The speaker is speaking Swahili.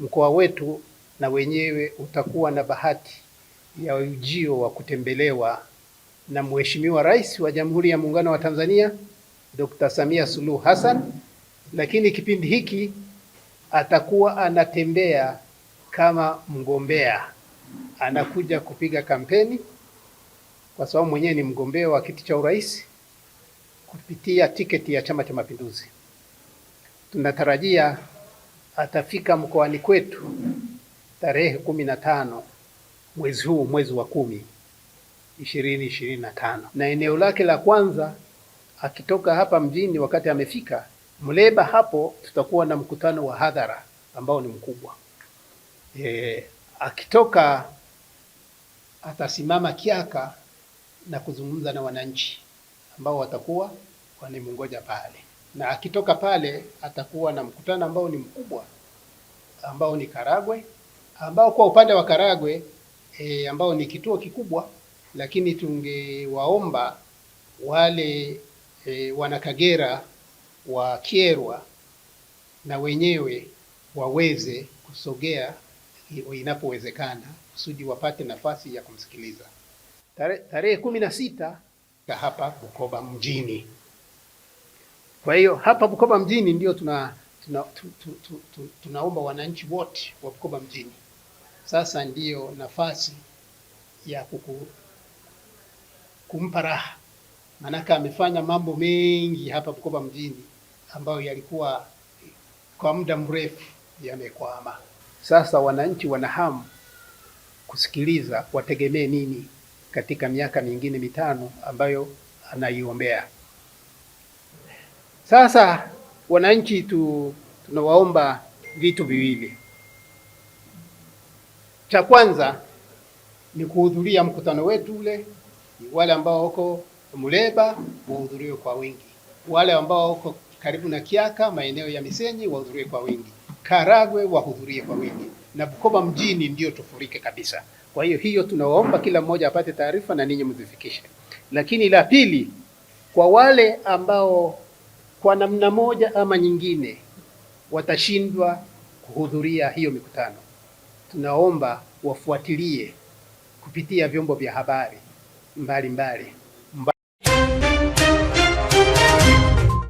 mkoa wetu na wenyewe utakuwa na bahati ya ujio wa kutembelewa na Mheshimiwa Rais wa Jamhuri ya Muungano wa Tanzania Dr. Samia Suluhu Hassan, lakini kipindi hiki atakuwa anatembea kama mgombea, anakuja kupiga kampeni kwa sababu mwenyewe ni mgombea wa kiti cha urais kupitia tiketi ya Chama cha Mapinduzi. Tunatarajia atafika mkoani kwetu tarehe kumi na tano mwezi huu, mwezi wa kumi ishirini ishirini na tano na eneo lake la kwanza akitoka hapa mjini, wakati amefika Mleba, hapo tutakuwa na mkutano wa hadhara ambao ni mkubwa. E, akitoka atasimama Kiaka na kuzungumza na wananchi ambao watakuwa wanamngoja pale na akitoka pale atakuwa na mkutano ambao ni mkubwa ambao ni Karagwe, ambao kwa upande wa Karagwe e, ambao ni kituo kikubwa, lakini tungewaomba wale e, wanakagera wa Kyerwa na wenyewe waweze kusogea inapowezekana kusudi wapate nafasi ya kumsikiliza. Tarehe kumi na sita hapa Bukoba mjini. Kwa hiyo hapa Bukoba mjini ndio tuna, tuna, tu, tu, tu, tu, tunaomba wananchi wote wa Bukoba mjini sasa ndiyo nafasi ya kuku, kumpa raha, maanake amefanya mambo mengi hapa Bukoba mjini ambayo yalikuwa kwa muda mrefu yamekwama. Sasa wananchi wana hamu kusikiliza wategemee nini katika miaka mingine mitano ambayo anaiombea. Sasa wananchi tu, tunawaomba vitu viwili. Cha kwanza ni kuhudhuria mkutano wetu ule, wale ambao wako Muleba wahudhurie kwa wingi, wale ambao wako karibu na Kiaka maeneo ya Misenyi wahudhurie kwa wingi, Karagwe wahudhurie kwa wingi, na Bukoba mjini ndio tufurike kabisa. Kwa hiyo hiyo tunawaomba kila mmoja apate taarifa na ninyi mzifikishe. Lakini la pili, kwa wale ambao kwa namna moja ama nyingine watashindwa kuhudhuria hiyo mikutano. Tunaomba wafuatilie kupitia vyombo vya habari mbalimbali.